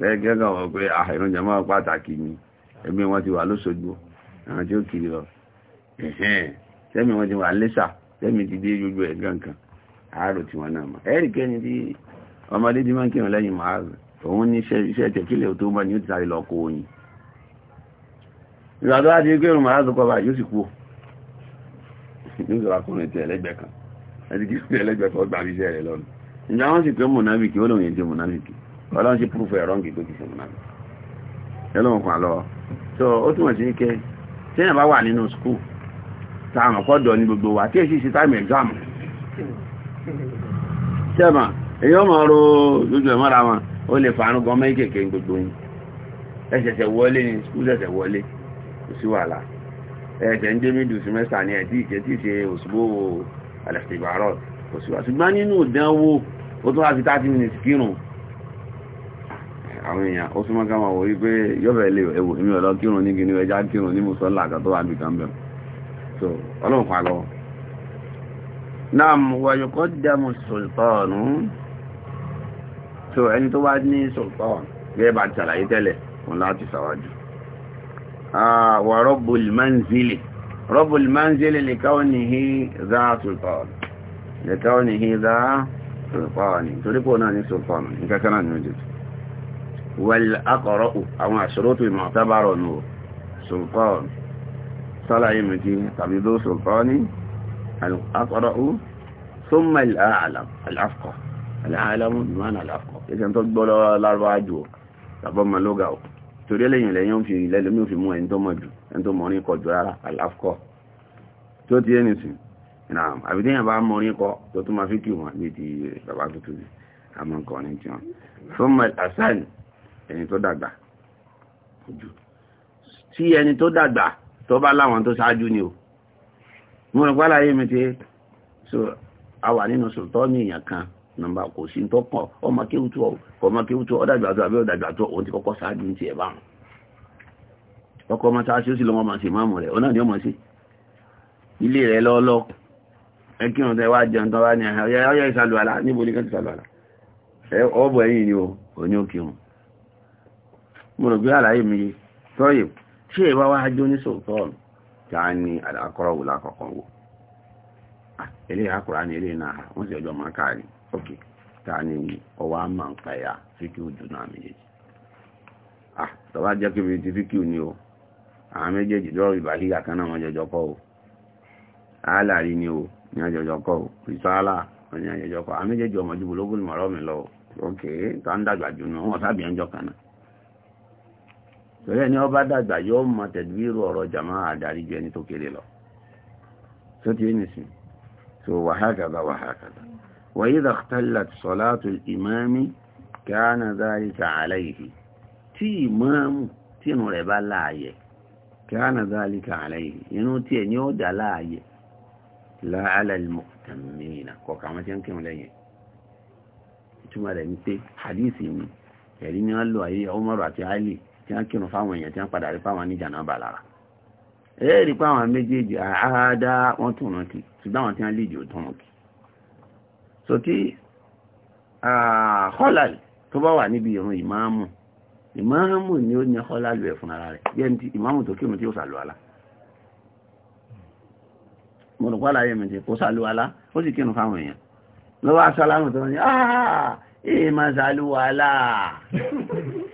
lẹ́gẹ́gẹ́ wọn pé àìrùn ah, jẹ́ mọ́ pàtàkì ni ẹgbẹ́ wọn ti wà lóṣogbo àwọn tí ó kiri lọ sẹ́mi wọn ti wà lẹ́sà sẹ́mi ti dé gbogbo ẹ̀ gankan àárò tí wọn náà mọ̀ ẹ̀rì kẹ́ni tí ọmọdé tí máa ń kírun lẹ́yìn màálù òun ní iṣẹ́ tẹ̀kílẹ̀ tó bá ní ó ti sáré lọ kó oyin ìgbà tó bá ti kírun màálù kọ́ bá yóò sì kú ní ìṣòro akọrin ti ẹlẹ́gbẹ̀ẹ́ kan ẹni kí sí ẹlẹ́gbẹ̀ẹ́ kan gbà iṣẹ́ rẹ̀ lọ́nu ìjà wọn sì pé mùnáfìkì ó lóun yẹn ti mùnáfìkì ọlọ́run sì púrúfù ẹ̀rọ́ǹgì tó ti ṣe mùnáfìkì ẹlọ́run kan lọ so ó túmọ̀ sí ike téèyàn bá wà nínú skul tá a mọ̀ kọ́dọ̀ ní gbogbo wa tí èsì sí time exam sẹ́mà èyí ọmọ ọrọ̀ lójú ẹ̀ mọ́ra wọn ó lè fàánú gan mẹ́ kéèké gbogbo yìí ẹ̀ṣẹ̀ṣẹ̀ wọlé ní skul ṣẹ̀ṣẹ̀ wọlé kò sí wàhálà ẹ̀ṣẹ̀ ń dé mídù semester ní ẹ̀tí ìṣe tí ìṣe òṣùgbó alẹ́sìtìbàárọ̀ kò sí wàhálà ṣùgbọ́n nínú ìdánwò ó tún wá fi 30 minutes kírun àwọn èèyàn ó súnmọ́ ká máa wọ wípé yọ́bẹ̀ lè ẹ̀wò èmi ọ̀lọ́ kírun ní gini ẹja kírun ní mùsọ́lá àgbà tó wà níbi kan so ọlọ́run pa lọ. náà wàyọ̀kọ́ dẹ́mu sultanu so ẹni tó bá ní sultan gẹ́gẹ́ bá ti ṣàlàyé tẹ́lẹ̀ òun láti ṣàwájú. wà rọ́bùl manzili rọ́bùl manzili likawnihi dha sultan likawnihi dha sultan torí pé òun náà ní sultan nǹkan kan náà ní ojútùú wal-aqra'u àwọn àṣíròtò ìmọ̀tábàrọ̀ nù sultan sálàyé mìtí tàbí ló sultani al-aqra'u thumma al-a'lam al-afqa al-a'lamu bi ma'na al-afqa ẹ̀sẹ̀ tó gbọ́lọ́ lárúwájú tàbọ́ malóga ò bá mọ̀ ní kọ́ tó tún ma fi kí wọn ní ti bàbá tuntun àmọ́ nǹkan ní tiwọn thumma al-asani ẹni tó dàgbà jù tí ẹni tó dàgbà tó bá láwọn tó ṣáájú ni o mo rẹ̀ pálá mi so a wà nínú sọ̀tọ́ ní èèyàn kan nàmbà kò sí tó kàn ọmọ kéwù ọmọ kéwù ọdàgbà tó ọdàgbà tó òun ti kọ́kọ́ ṣáájú ti ẹ̀ báwọn ọkọ̀ ọmọ sáà sí lọ́mọ màá sí máàmù rẹ̀ ọ̀nà ni ọmọ sí ilé rẹ̀ lọ́ọ́lọ́ ẹkí wọn tẹ wá jẹun tán wá ní ọyọ ìsàlùwàlà níbo ní kẹ́ ti sàlùwàlà mo rò pé àlàyé mi yé tọ́yẹ̀ tí ẹ wá wájú ní sòótọ́ ọ̀nà tí a ní àkọ́rọ̀wò lákọ̀ọ̀kan wò ilé àkùrá ní ilé náà wọ́n sì ọjọ́ máa káàrí ok tá a ní ọwọ́ á máa ń pa ẹ̀yà fíkìú jù náà méjèèjì ah tọ́wá jẹ́ kí ibi ti fíkìú ni o àwọn méjèèjì lọ́rọ̀ ìbàhíyà kan náà wọ́n jọjọ kọ́ o àálàrí ni o ní àjọjọ kọ́ o ìsáàlà ní àjọjọ kọ́ àwọn méjèèjì ọmọ jù torí ẹni ọba dàgbà yóò mọ tẹ̀dúwìrù ọ̀rọ̀ jàmá àdarí ju ẹni tó kéré lọ tó ti ní sí so wàhákàdà wàhákàdà wa idha ikhtallat salatu al-imami kana dhalika alayhi tí ìmáàmù tí inú rẹ̀ bá láàyè kana dhalika alayhi inú tí ẹ̀ ó dà láàyè la ala kọ̀ọ̀kan wọn ti ń kírun lẹ́yìn ìtumọ̀ rẹ̀ ní pé hadisi ni ẹ̀rí ni wọ́n lò ayé Umaru tí wọ́n kírun fáwọn èèyàn tí wọ́n padà rí fáwọn ní jànábà lára ẹ̀ẹ́rì pé àwọn méjèèjì àádá wọ́n tún ràn kì ṣùgbọ́n àwọn tí wọ́n lè jò tún ràn kì so tí họ́là tó bá wà níbi ìrun ìmáàmù ìmáàmù ni ó ní họ́là lù ẹ̀ fún ara rẹ̀ bí ẹni tí ìmáàmù tó kírun tí ó sàlù àlá mo rò pàlà yẹn mìtì kó sàlù àlá ó sì kírun fáwọn èèyàn lọ́wọ́ aṣọ aláwọ̀ tó ní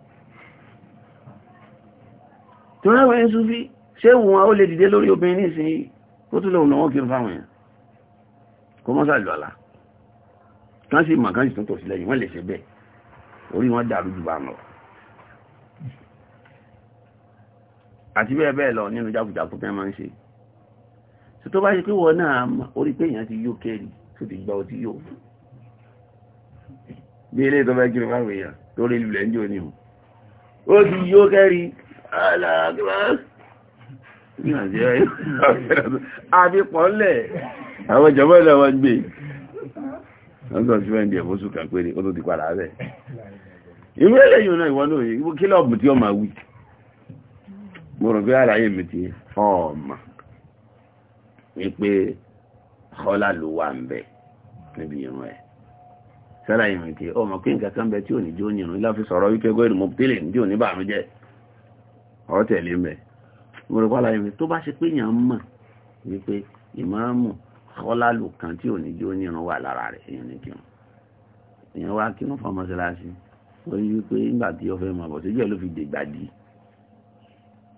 tí wọ́n rẹ̀ súnfí ṣé wọn ó lè dìde lórí obìnrin ní ìsinyìí kó tún lòun lọ́wọ́ kí n fáwọn èèyàn kó mọ́sà lù àlá kan sì màkán sì tún tò sílẹ̀ yìí wọ́n lè ṣe bẹ́ẹ̀ orí wọn dàrú jù bá ń lọ àti bẹ́ẹ̀ bẹ́ẹ̀ lọ nínú jákujàku tẹ́ máa ń ṣe tó tó bá ṣe pé wọn náà orí pé èèyàn ti yó kẹ́rì tó ti gba ọtí yó bí ilé tó fẹ́ kí ló fáwọn èèyàn tó rí lulẹ̀ ń jò ní o ó ti yó kẹ́rì àbípọ̀lẹ̀ àwọn ìjọba ilẹ̀ wọn gbé wọ́n tó ṣíwẹ́ ìdí ẹ̀bọ́sù kan pé ní ó tó ti padà rẹ̀ ìwé ẹlẹ́yìn náà ìwọ́n náà ìwọ́ kílọ̀bù tí ó máa wí mo rò pé àlàyé mi ti ọ̀ọ̀mà wípé kọ́lá ló wà ń bẹ̀ níbi ìrún ẹ̀ sẹ́láyìn mi ti ọmọ kí nǹkan kan bẹ tí ò ní jó ní ìrún láfi sọ̀rọ̀ wípé gọ́ ìrùmọ̀ tẹ́lẹ̀ ní tí ò ní bàmí jẹ́ ọ̀rọ̀ tẹ̀lé mẹ́ mo rẹ̀ pàlàyé mi tó bá ṣe pé èèyàn mọ̀ wípé ìmáàmù kọ́lálù kan tí ò ní jó ní ìrun wà lára rẹ̀ èèyàn ní kírun èèyàn wá kírun fọmọsíláṣí ó yí pé nígbà tí ó fẹ́ mọ̀ bọ̀ síjú ẹ̀ ló fi dègbà dì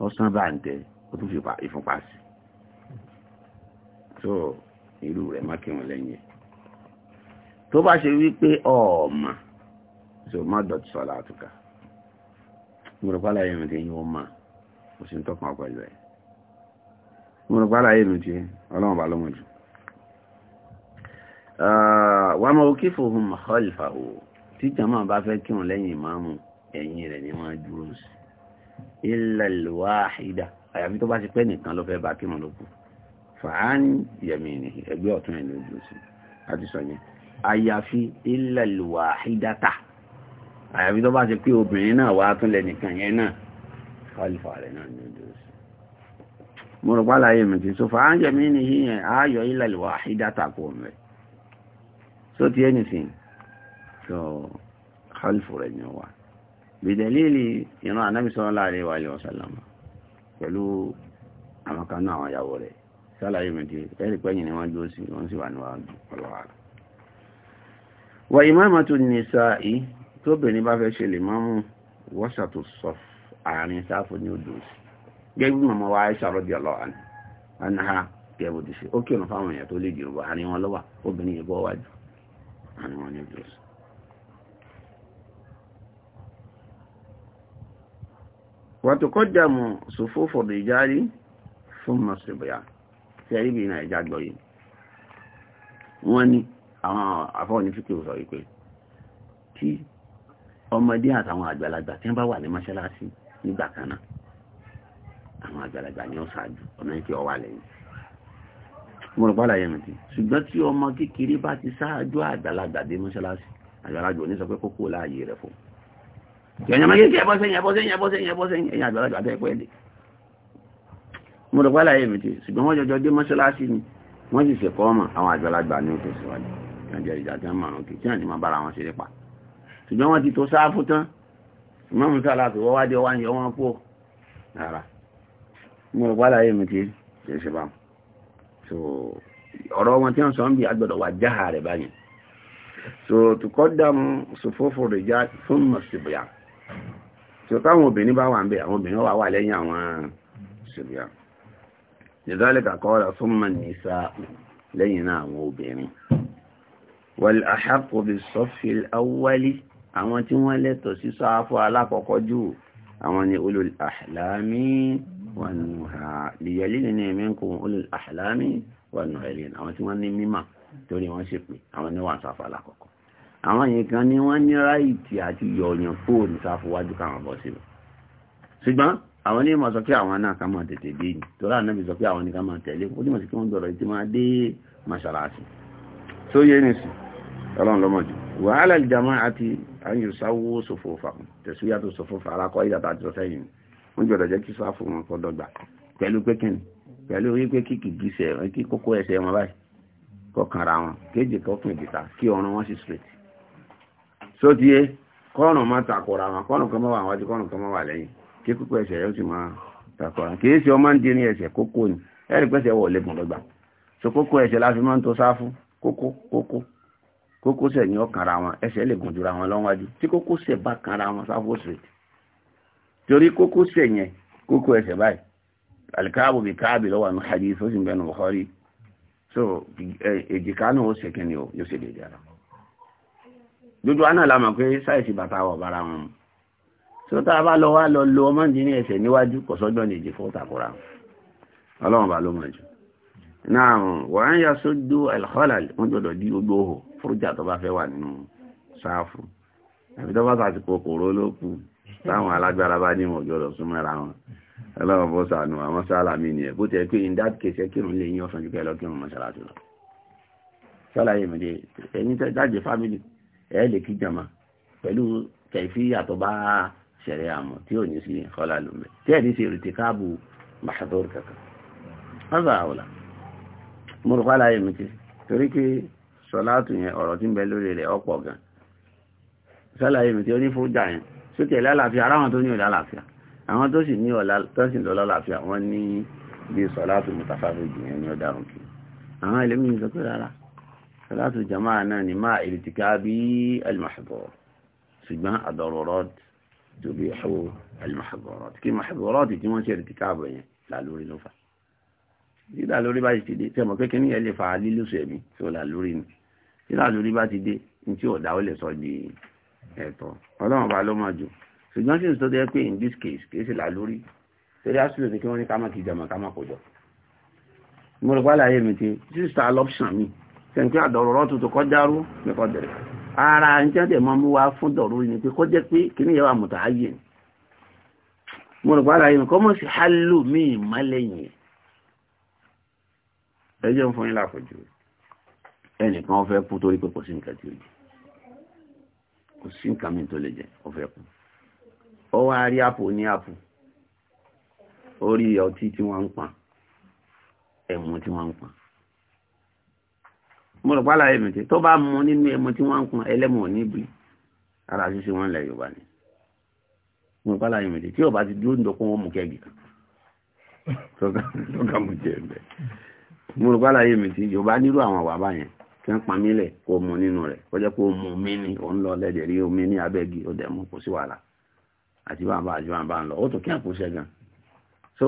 ọ̀sán bá ń tẹ ó tún fi ìfúnpá sí tó irú rẹ̀ má kírun lẹ́yìn tó bá ṣe wípé ọ̀ọ̀mà tó má dọ̀tí sọ́lá àtúkà mo rẹ̀ mi kì í yọ máa kò sí tọ́kàn ọkọ̀ ìlú ẹ̀ mo rò pàdà yìí nìtí ọlọ́run bá lọ́mọ jù wà á máa kí fòhun mọ̀kọ́lìfà o tí jama bá fẹ́ kírun lẹ́yìn ìmáàmù ẹ̀yìn rẹ̀ ni wọ́n á dúró sí illa al-wahida àyàfi tó bá ti pẹ́ nìkan ló fẹ́ bá kírun lókù fàání yẹ̀mìnì ẹgbẹ́ ọ̀tún ẹ̀ ló dúró sí àti sọ̀yìn àyàfi illa al-wahidata àyàfi tó bá ti pé obìnrin náà wà á tún lẹ́nìkan yẹn náà kálífà rẹ̀ náà ní ojú sí mo rò pálá yìí mìtì so fàájẹ̀ mí ní yíyàn ayọ̀ ìlàlùwà àhídátà kò mẹ́ so ti anything so kálífà rẹ̀ ní wa bìdẹ̀lìlì ìran ànábì sallallahu alaihi wa sallam pẹ̀lú àwọn kan náà àwọn ìyàwó rẹ̀ sálàyé mìtì ẹ̀rì pẹ́yìn ni wọ́n dúró sí wọ́n sì wà níwájú ọlọ́wàá wà ìmáàmà tó nìsa yìí tóbìnrin bá fẹ́ ṣe lè máa mú wọ́ṣà tó sọ́fù àárín sáfù ní odò sí gẹ́gẹ́ bí mọ̀mọ́ wa Aisha radiyallahu anha gẹ́gẹ́ bó ti ṣe ó kírun fáwọn èèyàn tó lè jù wọ àárín wọn lọ́wà obìnrin yìí bọ́ wájú àárín wọn ní odò sí. wàtòkọ́jàmù sòfófò rìjárí fún mọ̀sibíà tí ẹ̀rí bíi nàìjà gbọ́ yìí wọ́n ní àwọn àfọ́wọ́ni fíkì sọ wípé tí ọmọdé àtàwọn àgbàlagbà tí wọ́n bá wà ní mọ́ṣáláṣí nígbà kan náà àwọn àgbàlagbà ni ó ṣáájú ọmọ yẹn kí ọ wà lẹ́yìn mo rò pàdà yẹn ti ṣùgbọ́n tí ọmọ kékeré bá ti ṣáájú àgbàlagbà dé mọ́ṣáláṣí àgbàlagbà ò ní sọ pé kókó láàyè rẹ̀ fún ìyẹn ọmọ kékeré ẹbọ sẹ́yìn ẹbọ sẹ́yìn ẹbọ sẹ́yìn ẹbọ sẹ́yìn ẹ̀yìn àgbàlagbà bẹ́ẹ̀ pẹ́ lè mo rò pàdà yẹn ti ṣùgbọ́n wọ́n jọjọ dé mọ́ṣáláṣí ni wọ́n sì ṣèkọ́ ọmọ àwọn àgbàlagbà ní òkè síwájú ìjàjẹ́ ìjàjẹ́ márùn-ún kì ìmáàmù sálà tó wọ́wá dé wáyé wọn pò ara mo rò pàdà yìí mi ti ṣe ṣe bá so ọ̀rọ̀ wọn tí wọ́n sọ ń bí agbọ̀dọ̀ wà jáhà rẹ̀ báyìí so tó kọ́ dàmú sòfófò rẹ̀ já fún mọ̀sibìyà so káwọn obìnrin bá wà ń bẹ àwọn obìnrin wà wà lẹ́yìn àwọn ṣìbìyà nìdálẹ́kà kọ́ ọ̀rọ̀ fún mọ̀ nìsa lẹ́yìn náà àwọn obìnrin wal ahaqqu bis safi al awwali àwọn tí wọ́n lẹ́tọ̀ sí sáfù alákọ̀ọ́kọ́ jù àwọn ni ulul ahlami wan nuha liyalil ni minkum ulul ahlami wan nuhalin àwọn tí wọ́n ní mímà torí wọ́n ṣe pé àwọn ni wọ́n sáfù alákọ̀ọ́kọ́ àwọn yìí kan ni wọ́n ní ráìtì àti yọ̀ọ̀yàn fóònù sáfù wájú káwọn bọ́ sí ṣùgbọ́n àwọn ní ìmọ̀ sọ pé àwọn náà ká máa tètè dé ní torí àwọn náà sọ pé àwọn ní ká máa tẹ̀lé ó dìmọ̀ sí kí wọ́n gbọ́dọ̀ ìtì máa dé mọ́ṣáláṣí tó yé nìsí ọlọ́run lọ́mọdé wàhálà ìjàmá àti an yóò sáwó sòfò fà tẹ̀sí yàtọ̀ sòfò fà alákọ̀ ìdàtà àti sọ́sẹ́yìn ni wọ́n gbọ́dọ̀ jẹ́ kí sáfù wọn kọ́ dọ́gba pẹ̀lú pé kíni pẹ̀lú wípé kíkì gíṣẹ́ wọn kí kókó ẹsẹ̀ wọn báyìí kọkànra wọn kéje kọkùn ìdìta kí ọrùn wọn sì straight so ti yé kọ́ọ̀rùn máa takọ̀ra wọn kọ́ọ̀rùn kan máa wà wájú kọ́ọ̀rùn kan máa wà lẹ́yìn kí kókó ẹsẹ̀ yóò sì máa takọ̀ra kì í ṣe ọmọ ń dín ní ẹsẹ̀ kókó ni ẹ̀rí pẹ́sẹ̀ wọ̀ lẹ́gbọ̀n so kókó ẹsẹ̀ la fi máa ń to sáfù kókó kókó kókósẹ̀ ní ọkànra wọn ẹsẹ̀ lè gùn jura wọn lọ́wọ́dú tí kókósẹ̀ bá kanra wọn sáfò street torí kókósẹ̀ yẹn kókó ẹsẹ̀ báyìí alikaabu bi káàbì lọ́wọ́ àmì hadith ó sì ń bẹnu Bukhari so èjìká náà ó sèké ni ó yóò ṣe dédé ara dodo aná la mọ̀ pé sáìsì bàtà wọ̀ bára wọn mu so tá a bá lọ wá lọ lo ọmọdé ní ẹsẹ̀ níwájú kọ̀sọ́jọ́ ní èjì fún tàkùrà ọlọ́run bá ló mọ̀ jù náà wọ́n á yà sódò alìkọ́là wọ́n jọ̀dọ̀ ogbó hò fúrújà tó bá fẹ́ wà nínú sáfù àbí tó bá sàsìkò kòró ló kù táwọn alágbára bá ní ìmọ̀jọ́ lọ súnmọ́ ra wọn ẹlọ́wọ́n àwọn sálà mí nìyẹn bó tẹ́ pé in that case ẹ kírun lè yín ọ̀sán jù kẹ́ lọ kírun mọ́ṣáláṣí lọ sálàyé mi dé ẹ̀yin tẹ́ jáde fámìlì ẹ̀ lè kí jama pẹ̀lú kẹ̀fí yàtọ̀ bá ṣẹ̀rẹ̀ àmọ́ tí ò ní sí kọ́lá lómi tí ẹ̀ ní sí èrè káàbù mahador kankan. wọ́n àwòlà mo rò pálá mi ti torí pé sọláàtù yẹn ọ̀rọ̀ tí ń bẹ lórí rẹ̀ ọ̀pọ̀ gan sálàyé mi tí ó ní fúrújà yẹn sókè lálàáfíà ara wọn tó ní ọ̀lá àlàáfíà àwọn tó sì ní ọ̀lá tó sì lọ́lá àlàáfíà wọ́n ní bí sọláàtù mùtàfàfẹ́jì yẹn ní ọ̀daràn kì àwọn ẹlẹ́mìí sọ pé rárá sọláàtù jamaa náà ni máa ìrìtìká bí al-mahdhur ṣùgbọ́n ad-darurat tubihu al-mahdhurat kí mahdhurat tí wọ́n ṣe ìrìtìká bọ̀ yẹn lálórí ló fà dídà lórí bá ti dé tẹmọ̀ kékeré yẹn lè fa lílùsọ ẹ̀mí tó là lórí ni tí làlórí bá ti dé ní tí ọ̀dà ó lè sọ di ẹ̀tọ́ ọlọ́run bá ló máa jù ṣùgbọ́n sí ìsọ́tọ́ yẹ pé in this case kìí sì làlórí torí àṣìlò ní kí wọ́n ní ká má kí jàmọ̀ ká má kó jọ. mo rò pálá ayé mi ti sister adoption mi sẹ́ńkì àdọ̀rọ̀ rọ́tù tó kọ́ dárú nìkan dẹ̀rẹ̀ ara ń tẹ́tẹ̀ mọ́ mú wa fún dọ̀rọ̀ ni pé kọ́ jẹ́ pé kí ni yẹ́wà mọ̀tà ayé ni mo rò pálá ayé mi kọ́ sí hálò míì má ẹnìkan fẹ́ kú torí pé kò sí nǹkan tí ó jẹ kò sí nǹkan mi tó lè jẹ ó fẹ́ kú ó wá rí àpò ní àpò orí ọtí tí wọ́n ń pa ẹ̀mù tí wọ́n ń pa mo rò pálá ẹ̀mù tí tó bá mu nínú ẹ̀mù tí wọ́n ń pa ẹlẹ́mù ò níbi ara ṣíṣe wọn lẹ̀ Yorùbá ni mo rò pálá ẹ̀mù tí tí ọba ti dúró nídọ̀kọ́ wọn mú kẹ́gì kan tó ká mú jẹ́ ẹ̀bẹ̀ mo rò pálá ẹ̀mù tí Yorùbá nírú àwọn àwàbá yẹn kí wọ́n pa mí lẹ̀ kó mu nínú rẹ̀ kó jẹ́ kó mu mí ní òun lọ lẹ́dẹ̀ rí omi ní abẹ́gi ó mú kó sí wàhálà àti bàbá àti bàbá gan so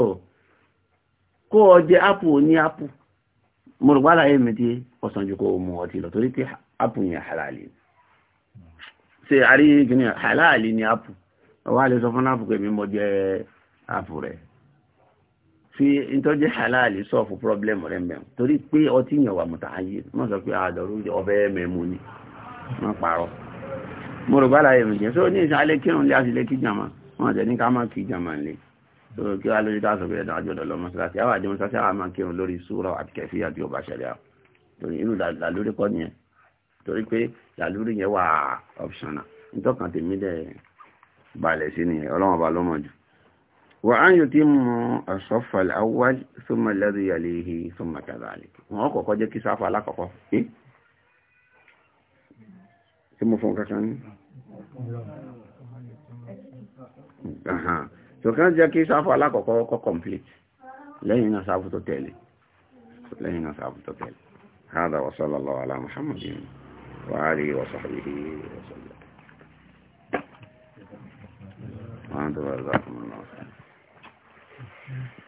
kó o jẹ ápù ní ápù mo rò wàhálà yẹn mi ti ọ̀sán ju kó o mu ọtí lọ torí pé halali ṣe halali ní sọ fún pé mi jẹ fi ìtọ́jú halali sọ́ọ̀fù problem rẹ̀ mẹ́rin torí pé ọtí yẹn wà mọ̀tà ayé wọ́n sọ pé àdọ̀rú ah, ọbẹ̀ mẹ́mú ni wọ́n parọ́ mo rò bára ẹ̀rùn jẹ́ sóò ní ìsàlẹ̀ kírun lé àtìlẹ́ kí jàmá wọ́n àtẹ̀ ní ká má kí jàmá lé tó kí wá lórí táàsọ̀ pé ẹ̀dàn àjọ̀dọ̀ lọ mọ́sálásí àwọn àjọ mọ́sálásí àwọn máa kírun lórí súrọ̀ àti kẹfí àti ọba ṣẹlẹ̀ torí inú làlórí kọ́ nìyẹn torí pé làlórí yẹn wà optional nítọ́kàn tèmi dẹ̀ balẹ̀ sí nìyẹn ọlọ́wọ́n ba lọ́mọ jù وأن يتم الصف الأول ثم الذي يليه ثم كذلك ما هو قد كسافة لك قف ثم فوق كان أها شو كان جا كسافة لك قف قف كومبليت لين أصاب توتيل لين أصاب توتيل هذا وصلى الله على محمد وعلي وصحبه وسلم وأنتم رزقكم الله Yeah.